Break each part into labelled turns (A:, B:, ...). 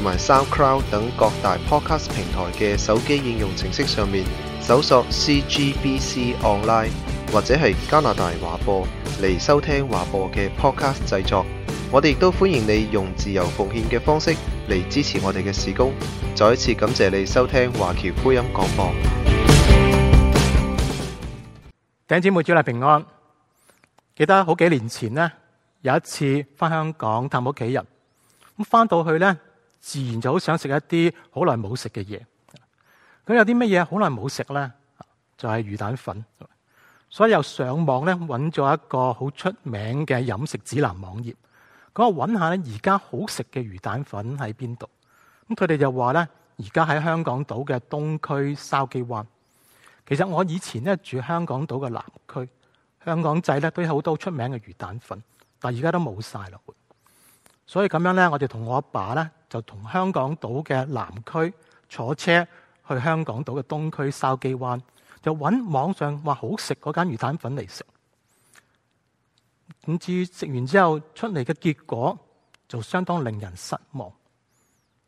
A: 同埋 SoundCloud 等各大 podcast 平台嘅手機應用程式上面搜索 CGBC Online 或者係加拿大華播嚟收聽華播嘅 podcast 製作。我哋亦都歡迎你用自由奉獻嘅方式嚟支持我哋嘅事工。再一次感謝你收聽華僑福音廣播。頂姐妹，祝你平安。記得好幾年前呢，有一次翻香港探屋企人，咁翻到去咧。自然就好想食一啲好耐冇食嘅嘢。咁有啲乜嘢好耐冇食呢？就係魚蛋粉，所以又上網呢揾咗一個好出名嘅飲食指南網頁，咁我揾下呢而家好食嘅魚蛋粉喺邊度？咁佢哋就話呢，而家喺香港島嘅東區筲箕灣。其實我以前呢住香港島嘅南區，香港仔呢都有好多出名嘅魚蛋粉，但而家都冇晒啦。所以咁樣呢，我哋同我阿爸呢。就同香港島嘅南區坐車去香港島嘅東區筲箕灣，就揾網上話好食嗰間魚蛋粉嚟食。咁至於食完之後出嚟嘅結果，就相當令人失望。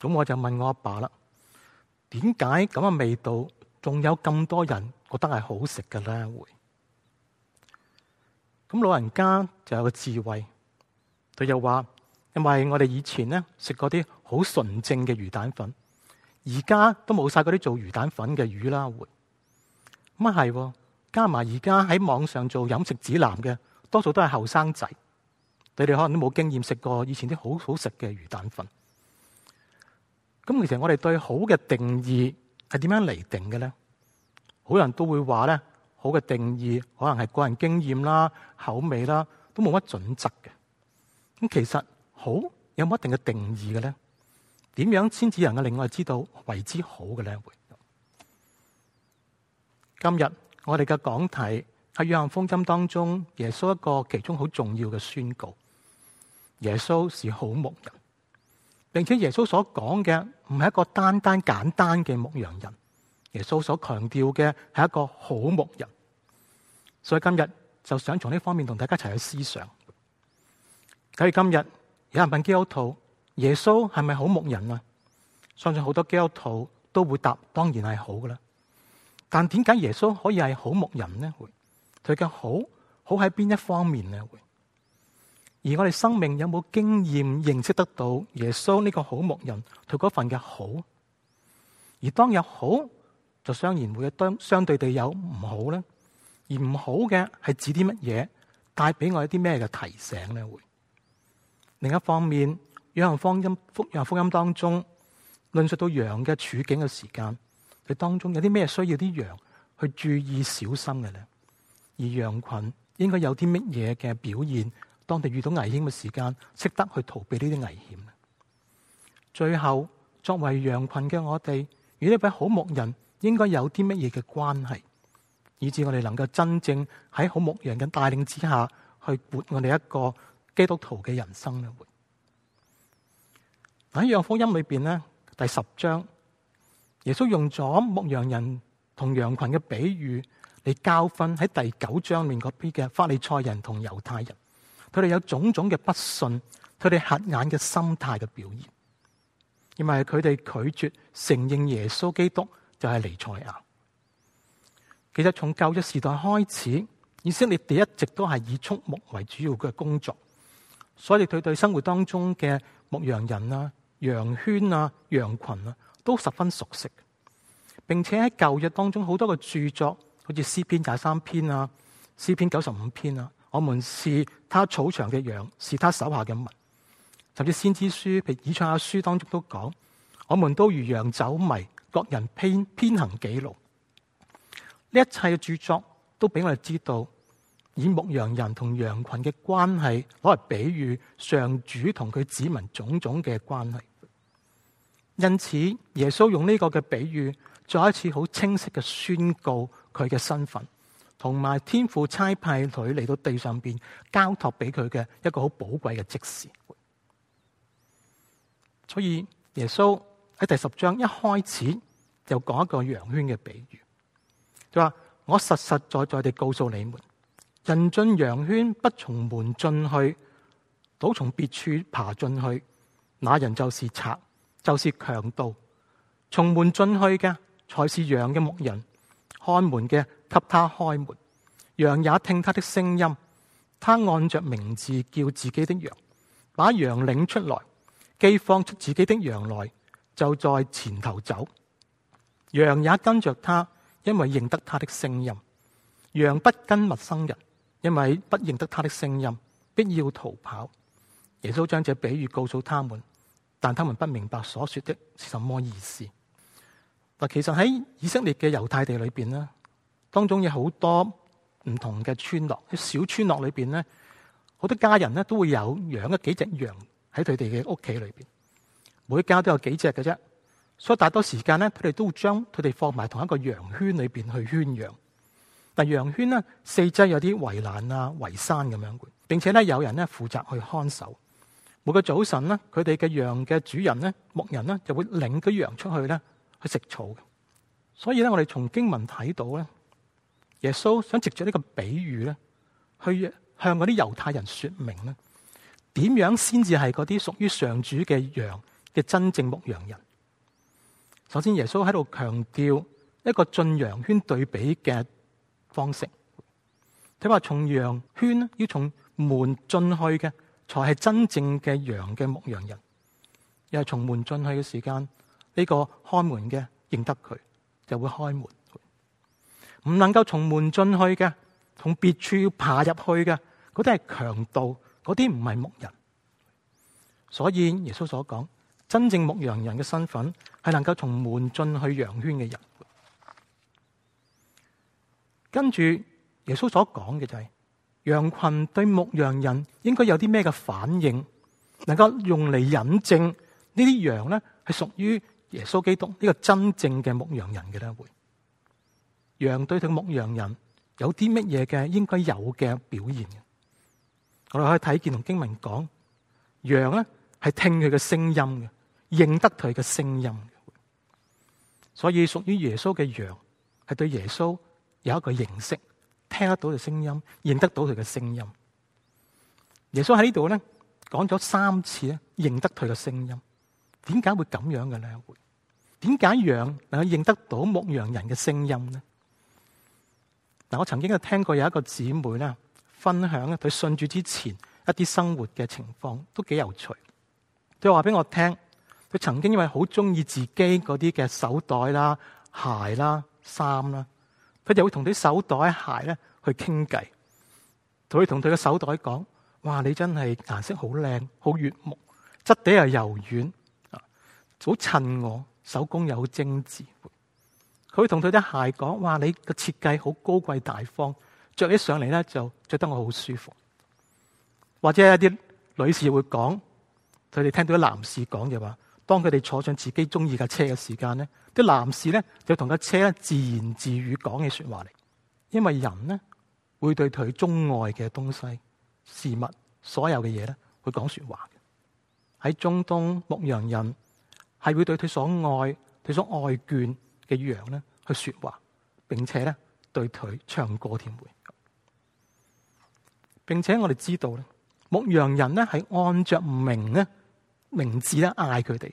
A: 咁我就問我阿爸啦，點解咁嘅味道仲有咁多人覺得係好食嘅咧？會咁老人家就有個智慧，佢又話。因為我哋以前咧食過啲好純正嘅魚蛋粉，而家都冇晒嗰啲做魚蛋粉嘅魚啦。咁啊，係加埋而家喺網上做飲食指南嘅多數都係後生仔，對你哋可能都冇經驗食過以前啲好好食嘅魚蛋粉。咁其實我哋對好嘅定義係點樣嚟定嘅咧？好多人都會話咧，好嘅定義可能係個人經驗啦、口味啦，都冇乜準則嘅。咁其實～好有冇一定嘅定義嘅咧？點樣先至能夠令我哋知道為之好嘅咧？今日我哋嘅講題喺約翰福音當中，耶穌一個其中好重要嘅宣告：耶穌是好牧人，並且耶穌所講嘅唔係一個單單簡單嘅牧羊人，耶穌所強調嘅係一個好牧人。所以今日就想從呢方面同大家一齊去思想。睇而今日。有人問基督徒耶穌係咪好牧人啊？相信好多基督徒都會答，當然係好嘅啦。但點解耶穌可以係好牧人呢？佢嘅好好喺邊一方面呢？而我哋生命有冇經驗認識得到耶穌呢個好牧人佢嗰份嘅好？而當有好就自然會有，相對地有唔好呢？而唔好嘅係指啲乜嘢？帶俾我一啲咩嘅提醒呢？會？另一方面，約翰福音、約翰福音當中論述到羊嘅處境嘅時間，佢當中有啲咩需要啲羊去注意小心嘅咧？而羊群應該有啲乜嘢嘅表現，當地遇到危險嘅時間，識得去逃避呢啲危險。最後，作為羊群嘅我哋，與呢位好牧人應該有啲乜嘢嘅關係，以至我哋能夠真正喺好牧羊嘅帶領之下去活我哋一個。基督徒嘅人生咧，喺《約翰福音》裏邊咧，第十章，耶穌用咗牧羊人同羊群嘅比喻嚟教訓喺第九章面嗰邊嘅法利賽人同猶太人，佢哋有種種嘅不信，佢哋瞎眼嘅心態嘅表現，因為佢哋拒絕承認耶穌基督就係彌賽亞。其實從舊約時代開始，以色列地一直都係以畜牧為主要嘅工作。所以佢對生活當中嘅牧羊人啊、羊圈啊、羊群啊，都十分熟悉。並且喺舊約當中好多個著作，好似詩篇廿三篇啊、詩篇九十五篇啊，我們是他草場嘅羊，是他手下嘅物。甚至先知書，譬如以賽亞書當中都講，我們都如羊走迷，各人偏偏行己路。呢一切嘅著作都俾我哋知道。以牧羊人同羊群嘅關係攞嚟比喻上主同佢子民種種嘅關係，因此耶穌用呢個嘅比喻，再一次好清晰嘅宣告佢嘅身份，同埋天父差派佢嚟到地上邊交託俾佢嘅一個好寶貴嘅即時。所以耶穌喺第十章一開始就講一個羊圈嘅比喻，就話，我實實在在地告訴你們。人進羊圈不從門進去，倒從別處爬進去，那人就是賊，就是強盜。從門進去嘅才是羊嘅牧人，看門嘅給他開門。羊也聽他的聲音，他按着名字叫自己的羊，把羊領出來，既放出自己的羊來，就在前頭走。羊也跟着他，因為認得他的聲音。羊不跟陌生人。因為不認得他的聲音，必要逃跑。耶穌將這比喻告訴他們，但他們不明白所說的是什麼意思。嗱，其實喺以色列嘅猶太地裏邊咧，當中有好多唔同嘅村落，喺小村落裏邊咧，好多家人咧都會有養一幾隻羊喺佢哋嘅屋企裏邊，每一家都有幾隻嘅啫。所以大多時間咧，佢哋都會將佢哋放埋同一個羊圈裏邊去圈養。但羊圈呢，四周有啲圍欄啊、圍山咁樣，並且咧有人咧負責去看守。每個早晨咧，佢哋嘅羊嘅主人咧，牧人呢，就會領啲羊出去咧去食草。所以咧，我哋從經文睇到咧，耶穌想藉住呢個比喻咧，去向嗰啲猶太人說明咧，點樣先至係嗰啲屬於上主嘅羊嘅真正牧羊人。首先，耶穌喺度強調一個進羊圈對比嘅。方式，睇話從羊圈要從門進去嘅，才係真正嘅羊嘅牧羊人。又係從門進去嘅時間，呢個開門嘅認得佢，就會開門。唔能夠從門進去嘅，從別處要爬入去嘅，啲係強盜，啲唔係牧人。所以耶穌所講，真正牧羊人嘅身份係能夠從門進去羊圈嘅人。跟住耶穌所講嘅就係羊群對牧羊人應該有啲咩嘅反應，能夠用嚟引證呢啲羊咧係屬於耶穌基督呢個真正嘅牧羊人嘅咧會，羊對佢牧羊人有啲乜嘢嘅應該有嘅表現，我哋可以睇見同經文講羊咧係聽佢嘅聲音嘅，認得佢嘅聲音，所以屬於耶穌嘅羊係對耶穌。有一個認識，聽得到嘅聲音，認得到佢嘅聲音。耶穌喺呢度咧，講咗三次咧，認得佢嘅聲音。點解會咁樣嘅咧？點解羊能夠認得到牧羊人嘅聲音咧？嗱，我曾經去聽過有一個姊妹咧，分享咧，佢信主之前一啲生活嘅情況都幾有趣。佢話俾我聽，佢曾經因為好中意自己嗰啲嘅手袋啦、鞋啦、衫啦。佢就會同啲手袋鞋咧去傾偈，佢會同佢個手袋講：哇，你真係顏色好靚，好悅目，質地又柔軟，好、啊、襯我，手工又好精緻。佢會同佢啲鞋講：哇，你個設計好高貴大方，着起上嚟咧，就着得我好舒服。或者一啲女士會講，佢哋聽到啲男士講嘅話。幫佢哋坐上自己中意架車嘅時間呢，啲男士呢，就同架車咧自言自語講嘅說話嚟。因為人呢，會對佢鍾愛嘅東西、事物、所有嘅嘢呢，會講說話。喺中東牧羊人係會對佢所愛、佢所愛眷嘅羊呢，去說話，並且呢，對佢唱歌添。舞。並且我哋知道咧，牧羊人呢係按着名呢名字咧嗌佢哋。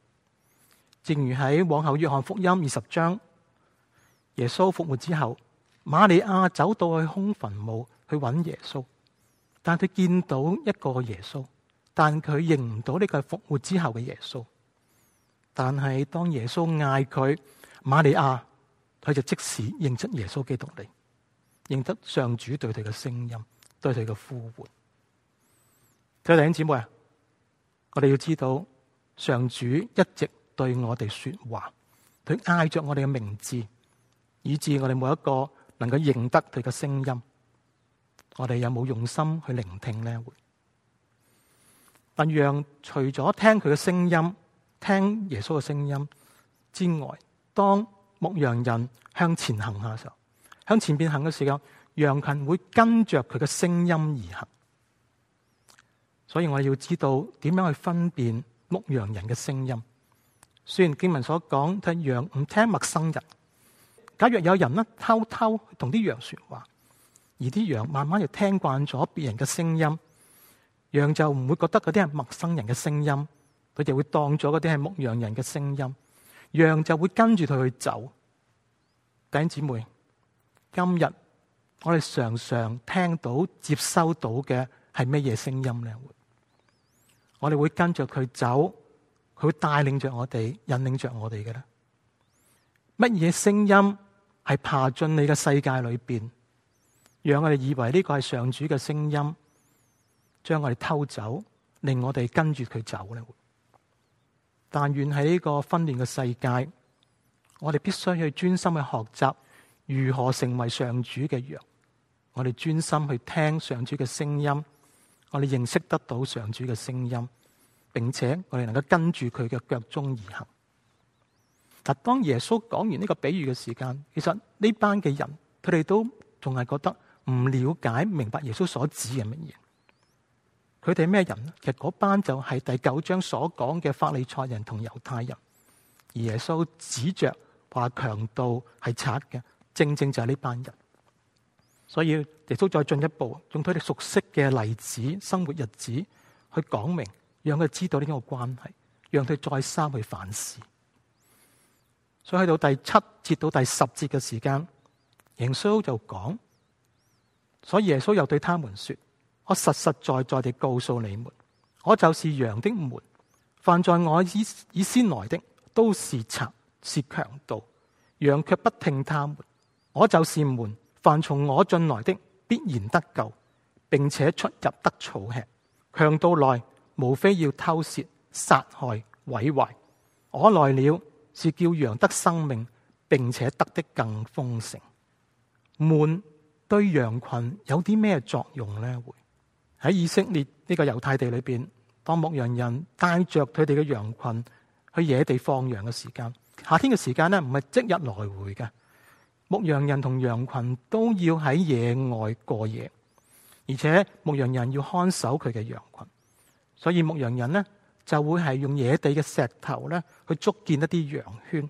A: 正如喺往後約翰福音二十章，耶穌復活之後，瑪利亞走到去空墳墓去揾耶穌，但佢見到一個耶穌，但佢認唔到呢個係復活之後嘅耶穌。但係當耶穌嗌佢，瑪利亞，佢就即時認出耶穌基督嚟，認得上主對佢嘅聲音，對佢嘅呼喚。各位弟兄姊妹啊，我哋要知道上主一直對我哋說話，佢嗌着我哋嘅名字，以致我哋每一個能夠認得佢嘅聲音，我哋有冇用心去聆聽呢？但羊除咗聽佢嘅聲音，聽耶穌嘅聲音之外，當牧羊人向前行下嘅時候，向前邊行嘅時候，羊群會跟着佢嘅聲音而行。所以我哋要知道點樣去分辨牧羊人嘅聲音。雖然經文所講，就羊唔聽陌生人。假若有人咧偷偷同啲羊説話，而啲羊慢慢就聽慣咗別人嘅聲音，羊就唔會覺得嗰啲係陌生人嘅聲音，佢就會當咗嗰啲係牧羊人嘅聲音，羊就會跟住佢去走。弟兄姊妹，今日我哋常常聽到接收到嘅係咩嘢聲音咧？我哋會跟著佢走。佢帶領着我哋，引領着我哋嘅咧。乜嘢聲音係爬進你嘅世界裏面，讓我哋以為呢個係上主嘅聲音，將我哋偷走，令我哋跟住佢走咧？但願喺呢個紛亂嘅世界，我哋必須去專心去學習如何成為上主嘅羊。我哋專心去聽上主嘅聲音，我哋認識得到上主嘅聲音。並且我哋能夠跟住佢嘅腳蹤而行。嗱，當耶穌講完呢個比喻嘅時間，其實呢班嘅人，佢哋都仲係覺得唔了解明白耶穌所指嘅乜嘢。佢哋係咩人咧？其實嗰班就係第九章所講嘅法利賽人同猶太人。而耶穌指着話強盜係賊嘅，正正就係呢班人。所以耶穌再進一步用佢哋熟悉嘅例子，生活日子去講明。讓佢知道呢個關係，讓佢再三去反思。所以去到第七節到第十節嘅時間，耶穌就講，所以耶穌又對他們說，我實實在在地告訴你們，我就是羊的門。凡在我以以先來的都是賊是強盜，羊卻不聽他們。我就是門，凡從我進來的必然得救，並且出入得草吃。強盜來，無非要偷竊、殺害、毀壞。我來了是叫羊得生命，並且得的更豐盛。門對羊群有啲咩作用呢？會喺以色列呢個猶太地裏邊，當牧羊人帶着佢哋嘅羊群去野地放羊嘅時間，夏天嘅時間呢，唔係即日來回嘅。牧羊人同羊群都要喺野外過夜，而且牧羊人要看守佢嘅羊群。所以牧羊人咧就會係用野地嘅石頭咧去築建一啲羊圈。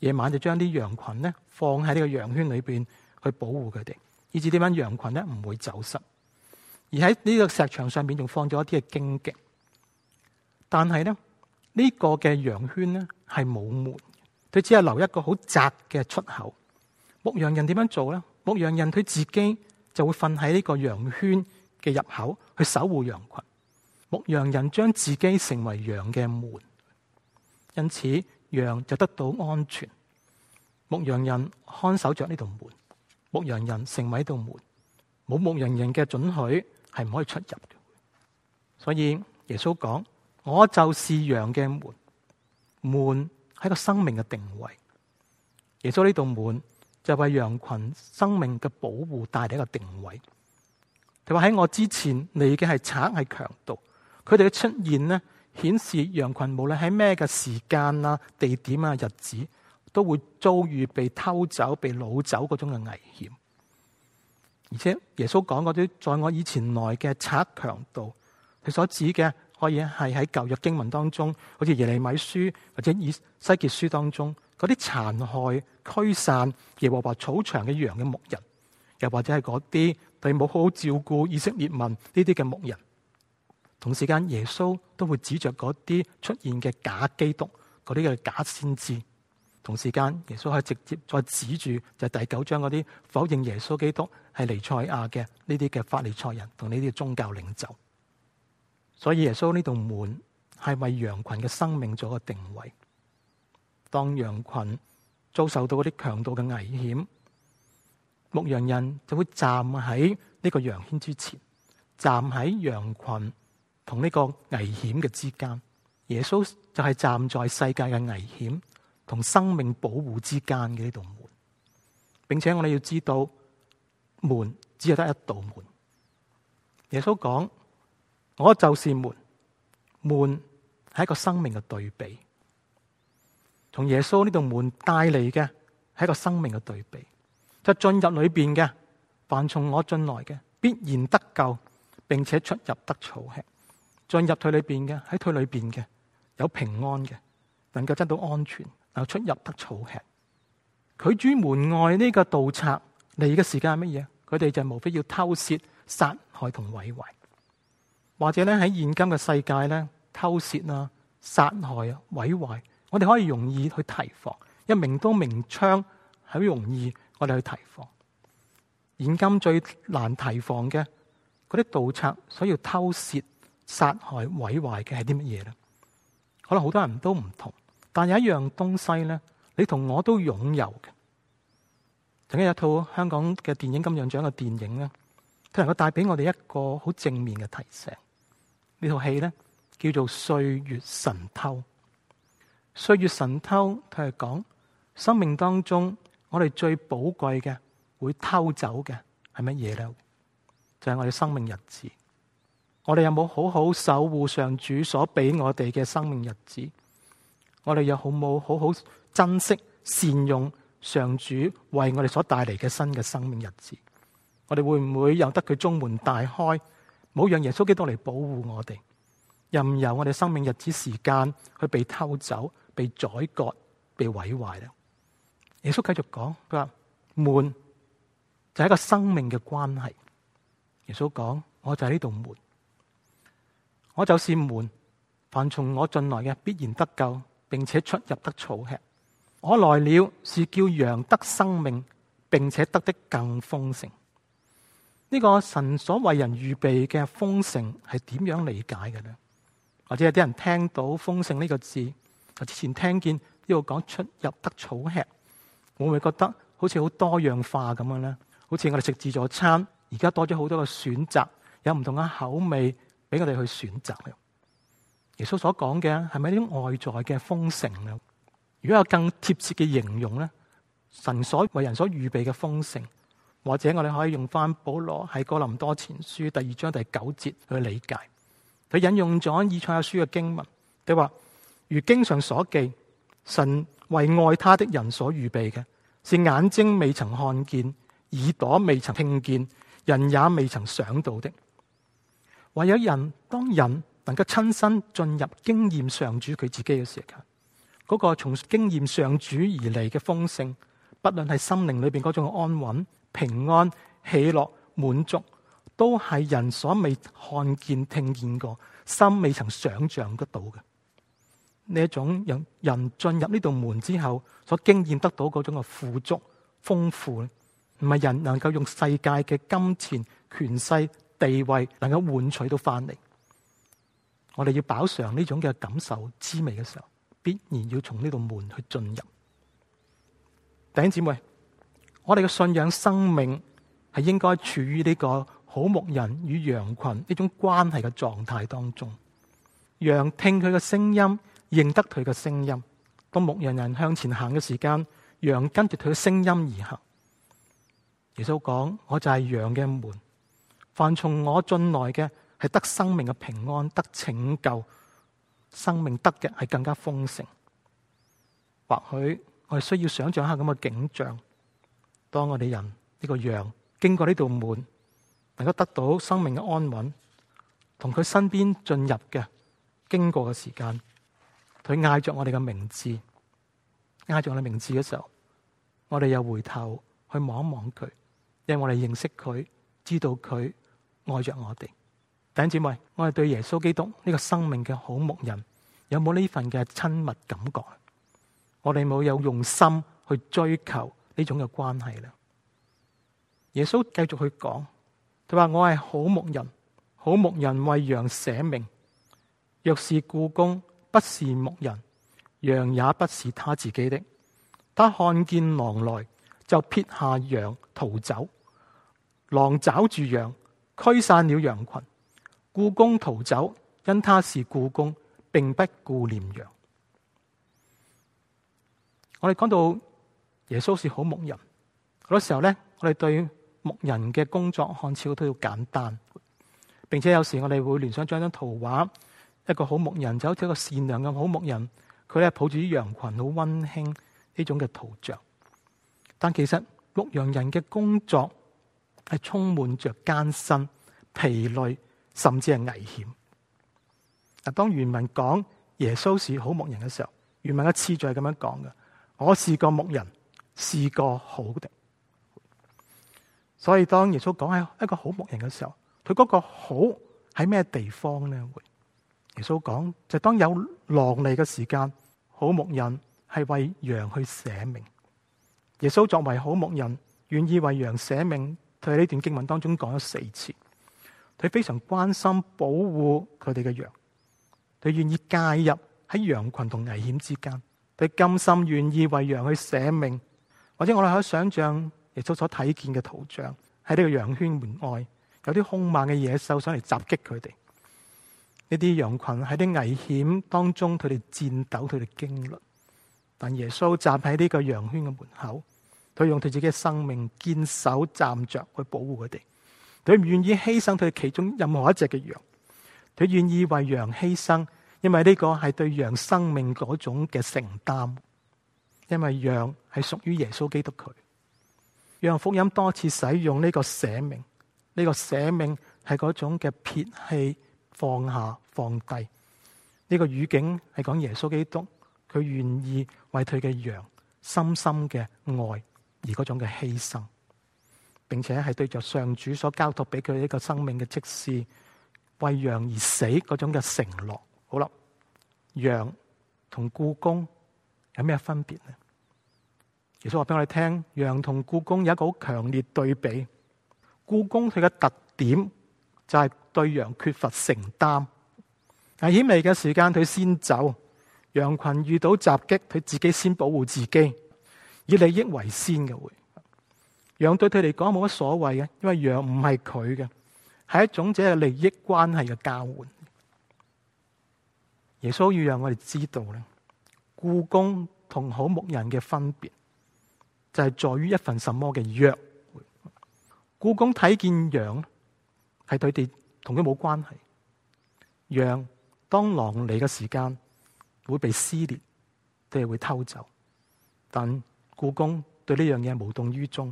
A: 夜晚就將啲羊群咧放喺呢個羊圈裏邊去保護佢哋，以至點樣羊群咧唔會走失。而喺呢個石牆上面仲放咗一啲嘅荊棘。但係咧呢，呢個嘅羊圈咧係冇門，佢只係留一個好窄嘅出口。牧羊人點樣做咧？牧羊人佢自己就會瞓喺呢個羊圈嘅入口去守護羊群。牧羊人將自己成為羊嘅門，因此羊就得到安全。牧羊人看守着呢道門，牧羊人成為呢道門，冇牧羊人嘅准許係唔可以出入嘅。所以耶穌講：我就是羊嘅門，門係一個生命嘅定位。耶穌呢道門就係為羊群生命嘅保護帶嚟一個定位。佢話喺我之前，你已經係賊，係強盜。佢哋嘅出現呢，顯示羊群無論喺咩嘅時間啊、地點啊、日子，都會遭遇被偷走、被擄走嗰種嘅危險。而且耶穌講嗰啲在我以前來嘅賊強盜，佢所指嘅可以係喺舊約經文當中，好似耶利米書或者以西結書當中嗰啲殘害、驅散耶和華草場嘅羊嘅牧人，又或者係嗰啲對冇好好照顧以色列民呢啲嘅牧人。同時間，耶穌都會指著嗰啲出現嘅假基督，嗰啲嘅假先知。同時間，耶穌可以直接再指住就係第九章嗰啲否認耶穌基督係彌賽亞嘅呢啲嘅法利賽人同呢啲宗教領袖。所以耶穌呢度門係為羊群嘅生命做個定位。當羊群遭受到嗰啲強盜嘅危險，牧羊人就會站喺呢個羊圈之前，站喺羊群。同呢個危險嘅之間，耶穌就係站在世界嘅危險同生命保護之間嘅呢道門，並且我哋要知道門只有得一道門。耶穌講，我就是門，門係一個生命嘅對比，從耶穌呢道門帶嚟嘅係一個生命嘅對比。就進入裏邊嘅，凡從我進來嘅，必然得救，並且出入得草吃。進入佢裏邊嘅喺佢裏邊嘅有平安嘅，能夠得到安全，又出入得草吃。佢住門外呢個盜賊嚟嘅時間係乜嘢？佢哋就無非要偷竊、殺害同毀壞。或者咧喺現今嘅世界咧，偷竊啊、殺害啊、毀壞，我哋可以容易去提防，因明刀明槍係好容易我哋去提防。現今最難提防嘅嗰啲盜賊，那些所以要偷竊。殺害毀壞嘅係啲乜嘢咧？可能好多人都唔同，但有一樣東西咧，你同我都擁有嘅。曾經有套香港嘅電影金像獎嘅電影咧，佢能夠帶俾我哋一個好正面嘅提醒。這呢套戲咧叫做《歲月神偷》。《歲月神偷》佢係講生命當中我哋最寶貴嘅會偷走嘅係乜嘢咧？就係、是、我哋生命日子。我哋有冇好好守護上主所俾我哋嘅生命日子？我哋又好冇好好珍惜、善用上主為我哋所帶嚟嘅新嘅生命日子？我哋會唔會由得佢中門大開，冇讓耶穌基督嚟保護我哋，任由我哋生命日子時間去被偷走、被宰割、被毀壞咧？耶穌繼續講，佢話門就係一個生命嘅關係。耶穌講，我就喺呢度門。我就是門，凡從我進來嘅，必然得救，並且出入得草吃。我來了，是叫羊得生命，並且得的更豐盛。呢，這個神所為人預備嘅豐盛係點樣理解嘅呢？或者有啲人聽到豐盛呢個字，我之前聽見呢度講出入得草吃，我會，會覺得好似好多樣化咁樣咧。好似我哋食自助餐，而家多咗好多嘅選擇，有唔同嘅口味。俾我哋去選擇，耶穌所講嘅係咪啲外在嘅豐盛啊？如果有更貼切嘅形容咧，神所為人所預備嘅豐盛，或者我哋可以用翻保羅喺哥林多前書第二章第九節去理解。佢引用咗以賽亞書嘅經文，佢話：如經上所記，神為愛他的人所預備嘅，是眼睛未曾看見，耳朵未曾聽見，人也未曾想到的。唯有人，當人能夠親身進入經驗上主佢自己嘅時間，嗰個從經驗上主而嚟嘅豐盛，不論係心靈裏邊嗰種安穩、平安、喜樂、滿足，都係人所未看見、聽見過、心未曾想象得到嘅。呢一種人人進入呢道門之後所經驗得到嗰種嘅富足、豐富，唔係人能夠用世界嘅金錢、權勢。地位能夠換取到翻嚟，我哋要飽嘗呢種嘅感受滋味嘅時候，必然要從呢道門去進入。弟兄姐妹，我哋嘅信仰生命係應該處於呢個好牧人與羊群呢種關係嘅狀態當中，羊聽佢嘅聲音，認得佢嘅聲音，當牧羊人向前行嘅時間，羊跟住佢嘅聲音而行。耶穌講：「我就係羊嘅門。凡從我進來嘅，係得生命嘅平安，得拯救，生命得嘅係更加豐盛。或許我哋需要想象下咁嘅景象：當我哋人呢個羊經過呢道門，能夠得到生命嘅安穩，同佢身邊進入嘅經過嘅時間，佢嗌着我哋嘅名字，嗌着我哋名字嘅時候，我哋又回頭去望一望佢，因為我哋認識佢，知道佢。愛着我哋，弟兄姊妹，我係對耶穌基督呢個生命嘅好牧人，有冇呢份嘅親密感覺？我哋冇有用心去追求呢種嘅關係咧？耶穌繼續去講，佢話我係好牧人，好牧人為羊捨命，若是僱工不是牧人，羊也不是他自己的。他看見狼來，就撇下羊逃走，狼抓住羊，驅散了羊群，雇工逃走，因他是雇工，並不顧念羊。我哋講到耶穌是好牧人，好多時候咧，我哋對牧人嘅工作看似都好簡單，並且有時我哋會聯想將張圖畫，一個好牧人，就好似一個善良嘅好牧人，佢咧抱住啲羊群，好溫馨呢種嘅圖像。但其實牧羊人嘅工作，係充滿着艱辛、疲累，甚至係危險。嗱，當原文講耶穌是好牧人嘅時候，原文嘅次序係咁樣講嘅：我是個牧人，是個好的。所以當耶穌講係一個好牧人嘅時候，佢嗰個好喺咩地方呢？耶穌講就是、當有狼嚟嘅時間，好牧人係為羊去捨命。耶穌作為好牧人，願意為羊捨命。喺呢段經文當中講咗四次，佢非常關心保護佢哋嘅羊，佢願意介入喺羊群同危險之間，佢甘心願意為羊去捨命。或者我哋可以想象耶穌所睇見嘅圖像，喺呢個羊圈門外有啲兇猛嘅野獸想嚟襲擊佢哋，呢啲羊群喺啲危險當中，佢哋顫抖，佢哋驚慄，但耶穌站喺呢個羊圈嘅門口。佢用佢自己嘅生命堅守站着去保護佢哋，佢唔願意犧牲佢其中任何一隻嘅羊，佢願意為羊犧牲，因為呢個係對羊生命嗰種嘅承擔，因為羊係屬於耶穌基督佢。約翰福音多次使用呢個捨命，呢個捨命係嗰種嘅撇棄、放下、放低。呢個語境係講耶穌基督，佢願意為佢嘅羊深深嘅愛。而嗰種嘅犧牲，並且係對着上主所交託俾佢一個生命嘅職事，為羊而死嗰種嘅承諾。好啦，羊同雇工有咩分別呢？耶穌話俾我哋聽，羊同雇工有一個好強烈對比。雇工佢嘅特點就係對羊缺乏承擔。危險嚟嘅時間佢先走，羊群遇到襲擊佢自己先保護自己。以利益為先嘅會，羊對佢嚟講冇乜所謂嘅，因為羊唔係佢嘅，係一種只係利益關係嘅交換。耶穌要讓我哋知道咧，雇工同好牧人嘅分別，就係在於一份什麼嘅約。雇工睇見羊，係佢哋同佢冇關係。羊當狼嚟嘅時間會被撕裂，佢哋會偷走，但故宮對呢樣嘢無動於衷，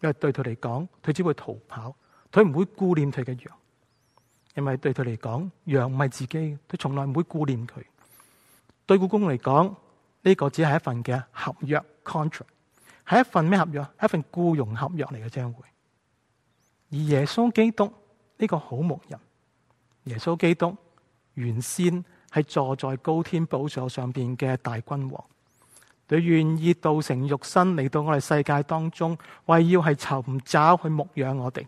A: 因為對佢嚟講，佢只會逃跑，佢唔會顧念佢嘅羊，因為對佢嚟講，羊唔係自己嘅，佢從來唔會顧念佢。對雇工嚟講，呢個只係一份嘅合約 （contract），係一份咩合約啊？係一份雇傭合約嚟嘅。將會而耶穌基督呢個好牧人，耶穌基督原先係坐在高天寶座上邊嘅大君王。佢願意道成肉身嚟到我哋世界當中，為要係尋找去牧養我哋。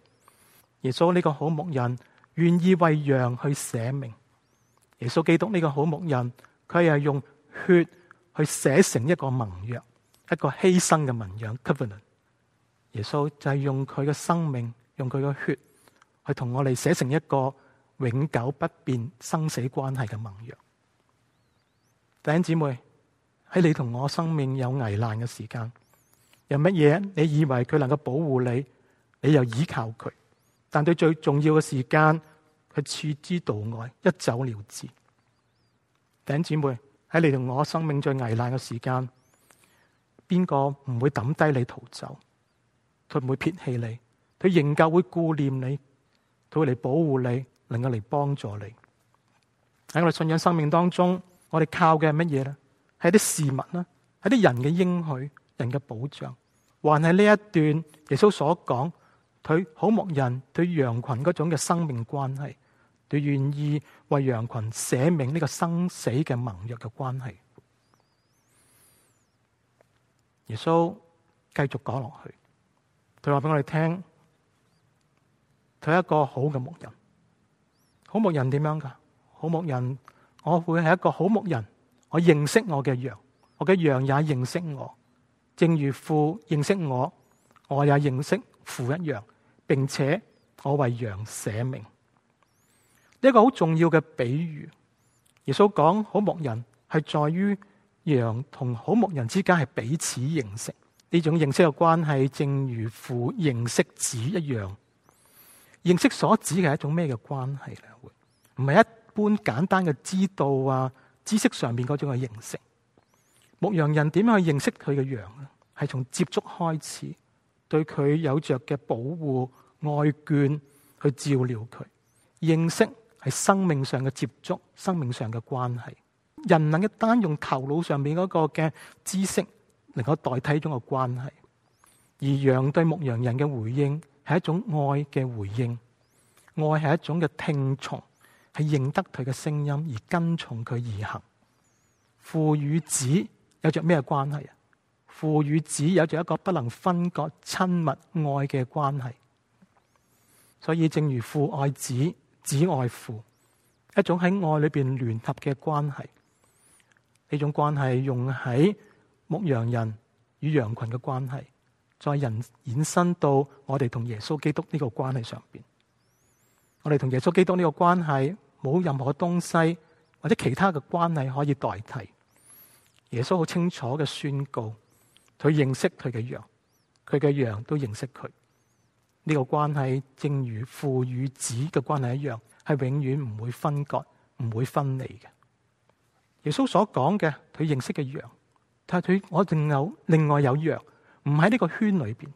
A: 耶穌呢個好牧人願意為羊去捨命。耶穌基督呢個好牧人，佢係用血去寫成一個盟約，一個犧牲嘅盟約。Covenant。耶穌就係用佢嘅生命，用佢嘅血，去同我哋寫成一個永久不變生死關係嘅盟約。弟兄姊妹。喺你同我生命有危難嘅時間，有乜嘢？你以為佢能夠保護你，你又倚靠佢？但對最重要嘅時間，佢置之度外，一走了之。頂姊妹，喺你同我生命最危難嘅時間，邊個唔會抌低你逃走？佢唔會撇棄你，佢仍舊會顧念你，佢會嚟保護你，能夠嚟幫助你。喺我哋信仰生命當中，我哋靠嘅係乜嘢咧？係啲事物啦，係啲人嘅應許、人嘅保障，還係呢一段耶穌所講，佢好牧人對羊群嗰種嘅生命關係，佢願意為羊群捨命呢個生死嘅盟約嘅關係。耶穌繼續講落去，佢話俾我哋聽，佢係一個好嘅牧人，好牧人點樣噶？好牧人，我會係一個好牧人。我認識我嘅羊，我嘅羊也認識我，正如父認識我，我也認識父一樣，並且我為羊捨命。呢、這、一個好重要嘅比喻，耶穌講好牧人係在於羊同好牧人之間係彼此認識呢種認識嘅關係，正如父認識子一樣，認識所指嘅係一種咩嘅關係咧？會唔係一般簡單嘅知道啊？知識上面嗰種嘅認識，牧羊人點樣去認識佢嘅羊咧？係從接觸開始，對佢有着嘅保護、愛眷、去照料佢。認識係生命上嘅接觸，生命上嘅關係。人能夠單用頭腦上面嗰個嘅知識，能夠代替一種嘅關係。而羊對牧羊人嘅回應係一種愛嘅回應，愛係一種嘅聽從。認得佢嘅聲音而跟從佢而行，父與子有着咩關係啊？父與子有着一個不能分割親密愛嘅關係，所以正如父愛子，子愛父，一種喺愛裏邊聯合嘅關係。呢種關係用喺牧羊人與羊群嘅關係，再衍生到我哋同耶穌基督呢個關係上邊，我哋同耶穌基督呢個關係。冇任何東西或者其他嘅關係可以代替。耶穌好清楚嘅宣告，佢認識佢嘅羊，佢嘅羊都認識佢。呢個關係正如父與子嘅關係一樣，係永遠唔會分割、唔會分離嘅。耶穌所講嘅，佢認識嘅羊，但係佢我仲有另外有羊唔喺呢個圈裏邊，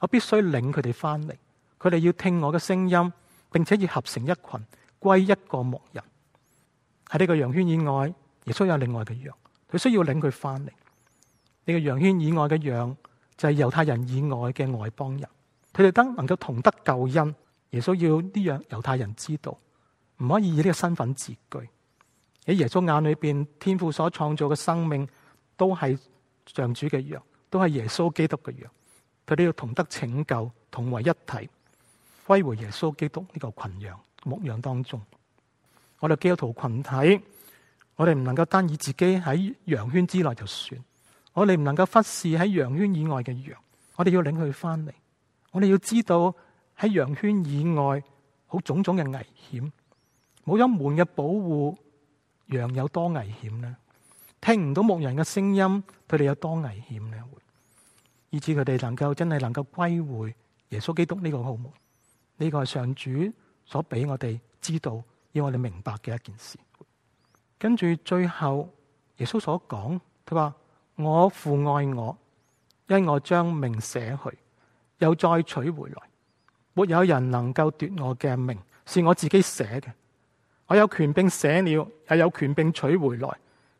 A: 我必須領佢哋翻嚟，佢哋要聽我嘅聲音，並且要合成一羣，歸一個牧人。喺呢個羊圈以外，耶穌有另外嘅羊，佢需要領佢翻嚟。呢個羊圈以外嘅羊就係猶太人以外嘅外邦人，佢哋等能夠同得救恩。耶穌要呢樣猶太人知道，唔可以以呢個身份自居。喺耶穌眼裏邊，天父所創造嘅生命都係上主嘅羊，都係耶穌基督嘅羊。佢哋要同得拯救，同為一體，歸回耶穌基督呢個群羊。牧羊當中，我哋基督徒群體，我哋唔能夠單以自己喺羊圈之內就算，我哋唔能夠忽視喺羊圈以外嘅羊，我哋要領佢翻嚟。我哋要知道喺羊圈以外好種種嘅危險，冇咗門嘅保護，羊有多危險呢？聽唔到牧人嘅聲音，佢哋有多危險呢？以至佢哋能夠真係能夠歸回耶穌基督呢個好門，呢、這個係上主。所俾我哋知道，要我哋明白嘅一件事。跟住最後，耶穌所講，佢話：我父愛我，因我將命捨去，又再取回來。沒有人能夠奪我嘅命，是我自己捨嘅。我有權柄捨了，又有權柄取回來，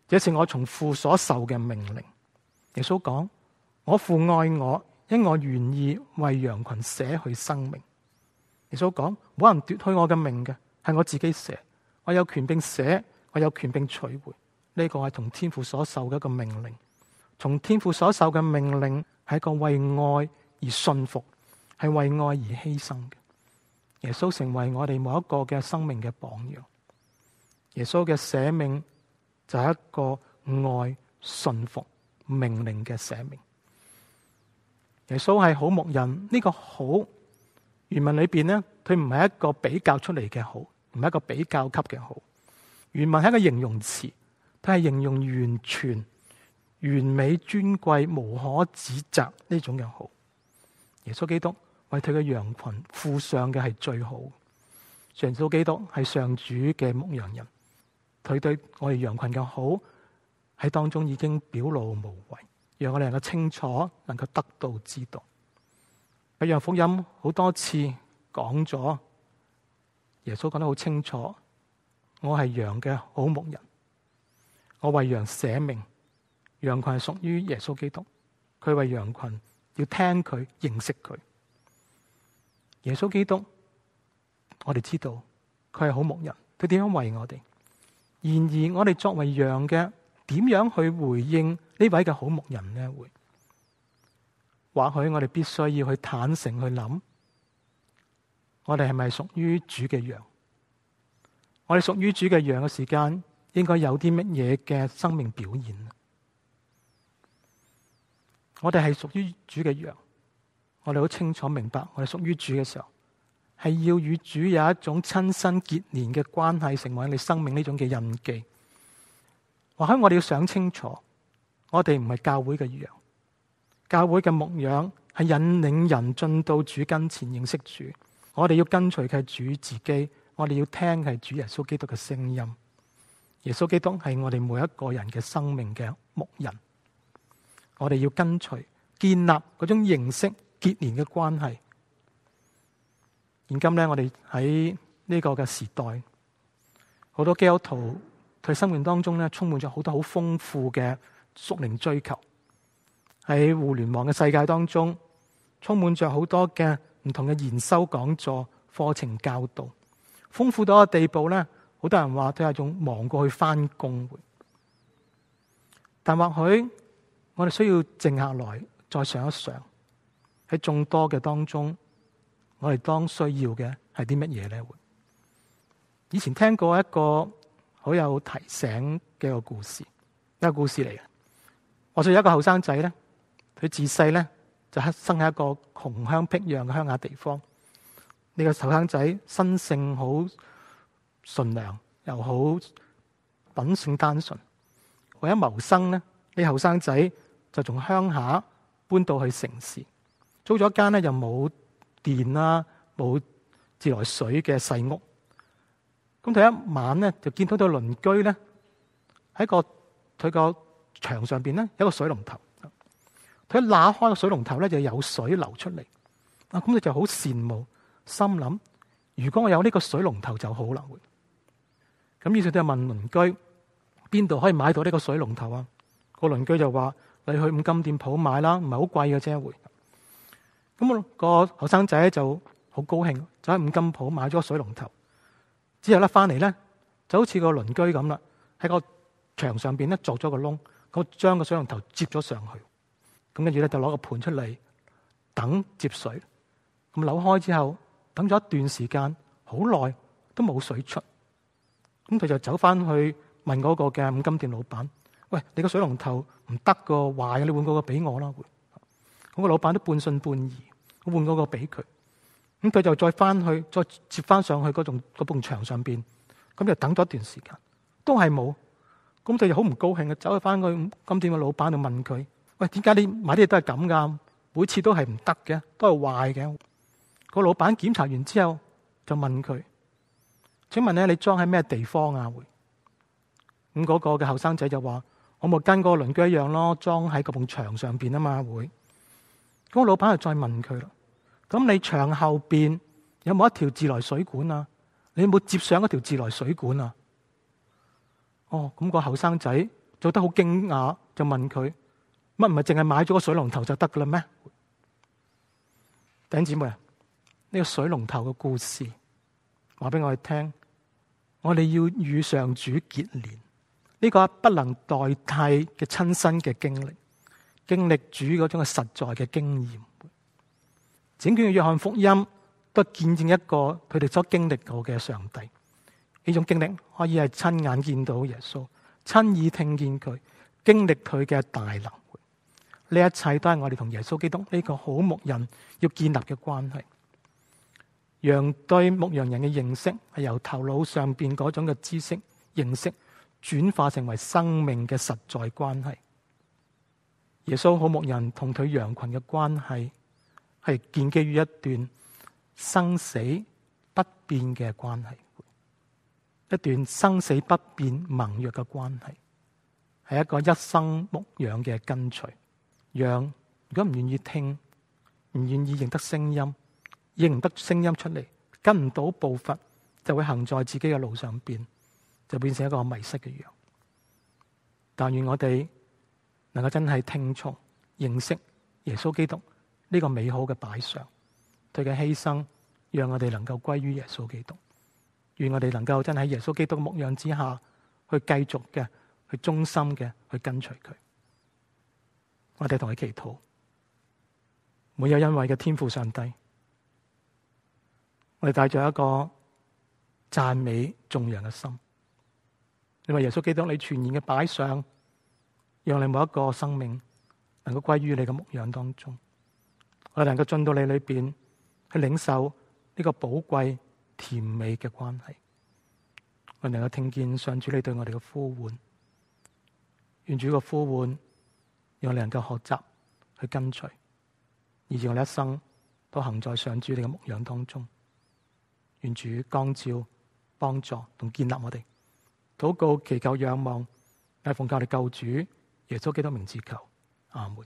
A: 這是我從父所受嘅命令。耶穌講：我父愛我，因我願意為羊群捨去生命。耶穌講：冇人奪去我嘅命嘅，係我自己捨。我有權柄捨，我有權柄取回。呢、這個係同天父所受嘅一個命令。從天父所受嘅命令係一個為愛而順服，係為愛而犧牲嘅。耶穌成為我哋每一個嘅生命嘅榜樣。耶穌嘅捨命就係一個愛順服命令嘅捨命。耶穌係好牧人，呢、這個好。原文裏邊呢，佢唔係一個比較出嚟嘅好，唔係一個比較級嘅好。原文係一個形容詞，佢係形容完全完美尊貴、無可指責呢種嘅好。耶穌基督為佢嘅羊群付上嘅係最好。耶穌基督係上主嘅牧羊人，佢對我哋羊群嘅好喺當中已經表露無遺，讓我哋能夠清楚，能夠得到知道。喺約翰福音好多次講咗，耶穌講得好清楚，我係羊嘅好牧人，我為羊捨命，羊群係屬於耶穌基督，佢為羊群要聽佢認識佢，耶穌基督，我哋知道佢係好牧人，佢點樣為我哋？然而我哋作為羊嘅，點樣去回應呢位嘅好牧人呢？會？或許我哋必須要去坦誠去諗，我哋係咪屬於主嘅羊？我哋屬於主嘅羊嘅時間，應該有啲乜嘢嘅生命表現？我哋係屬於主嘅羊，我哋好清楚明白，我哋屬於主嘅時候，係要與主有一種親身結連嘅關係，成為你生命呢種嘅印記。或許我哋要想清楚，我哋唔係教會嘅羊。教會嘅牧養係引領人進到主跟前認識主，我哋要跟隨佢主自己，我哋要聽佢係主耶穌基督嘅聲音。耶穌基督係我哋每一個人嘅生命嘅牧人，我哋要跟隨建立嗰種認識結連嘅關係。現今咧，我哋喺呢個嘅時代，好多基督徒佢生命當中咧充滿咗好多好豐富嘅屬靈追求。喺互聯網嘅世界當中，充滿着好多嘅唔同嘅研修講座、課程教導，豐富到一個地步咧，好多人話都有種忙過去返工。但或許我哋需要靜下來，再想一想喺眾多嘅當中，我哋當需要嘅係啲乜嘢咧？以前聽過一個好有提醒嘅一個故事，一個故事嚟嘅。話說有一個後生仔咧。佢自細咧就生喺一個窮鄉僻壤嘅鄉下地方。呢、這個後生仔生性好純良，又好品性單純。為咗謀生咧，呢後生仔就從鄉下搬到去城市，租咗一間咧又冇電啦、冇自來水嘅細屋。咁第一晚咧就見到對鄰居咧喺個佢個牆上邊咧有一個水龍頭。佢拉開個水龍頭咧，就有水流出嚟啊！咁你就好羨慕，心諗如果我有呢個水龍頭就好啦。咁於是就問鄰居邊度可以買到呢個水龍頭啊？個鄰居就話：你去五金店鋪買啦，唔係好貴嘅啫。會、那、咁個後生仔就好高興，就喺五金鋪買咗個水龍頭。之後咧，翻嚟咧就好似個鄰居咁啦，喺個牆上邊咧做咗個窿，咁將個水龍頭接咗上去。咁跟住咧就攞個盤出嚟等接水，咁扭開之後等咗一段時間，好耐都冇水出。咁佢就走翻去問嗰個嘅五金店老闆：喂，你個水龍頭唔得個壞啊！你換嗰個俾我啦。嗰、咁個老闆都半信半疑，我換嗰個俾佢。咁佢就再翻去再接翻上去嗰棟嗰牆上面。咁就等咗一段時間，都係冇。咁佢就好唔高興啊，走去翻去五金店嘅老闆度問佢。喂，點解你買啲嘢都係咁噶？每次都係唔得嘅，都係壞嘅。個老闆檢查完之後就問佢：，請問咧，你裝喺咩地方啊？咁嗰個嘅後生仔就話：，我咪跟嗰個鄰居一樣咯，裝喺嗰埲牆上邊啊嘛。咁個老闆就再問佢啦：，咁你牆後邊有冇一條自來水管啊？你有冇接上嗰條自來水管啊？哦，咁個後生仔做得好驚訝，就問佢。乜唔係淨係買咗個水龍頭就得噶啦咩？丁姊妹啊，呢個水龍頭嘅故事話俾我哋聽，我哋要與上主結連呢個不能代替嘅親身嘅經歷，經歷主嗰種嘅實在嘅經驗。整卷嘅約翰福音都見證一個佢哋所經歷過嘅上帝呢種經歷，可以係親眼見到耶穌，親耳聽見佢，經歷佢嘅大能。呢一切都係我哋同耶穌基督呢個好牧人要建立嘅關係，羊對牧羊人嘅認識係由頭腦上邊嗰種嘅知識認識，轉化成為生命嘅實在關係。耶穌好牧人同佢羊群嘅關係係建基於一段生死不變嘅關係，一段生死不變盟約嘅關係，係一個一生牧羊嘅跟隨。羊，如果唔願意聽，唔願意認得聲音，認唔得聲音出嚟，跟唔到步伐，就會行在自己嘅路上邊，就變成一個迷失嘅羊。但願我哋能夠真係聽從，認識耶穌基督呢個美好嘅擺上，對佢嘅犧牲，讓我哋能夠歸於耶穌基督。願我哋能夠真喺耶穌基督嘅牧養之下，去繼續嘅去忠心嘅去跟隨佢。我哋同佢祈禱，每有恩惠嘅天父上帝，我哋帶住一個讚美眾人嘅心。因為耶穌基督，你全然的擺上，讓你每一個生命能夠歸於你的模樣當中，我哋能夠進到你裏邊去領受呢個寶貴甜美的關係，我哋能夠聽見上主你對我哋嘅呼喚，願主嘅呼喚。讓你能夠學習去跟隨，以致我一生都行在上主你嘅牧養當中，願主光照、幫助同建立我哋。禱告、祈求、仰望，乃奉教你救主耶穌基督名字求，阿門。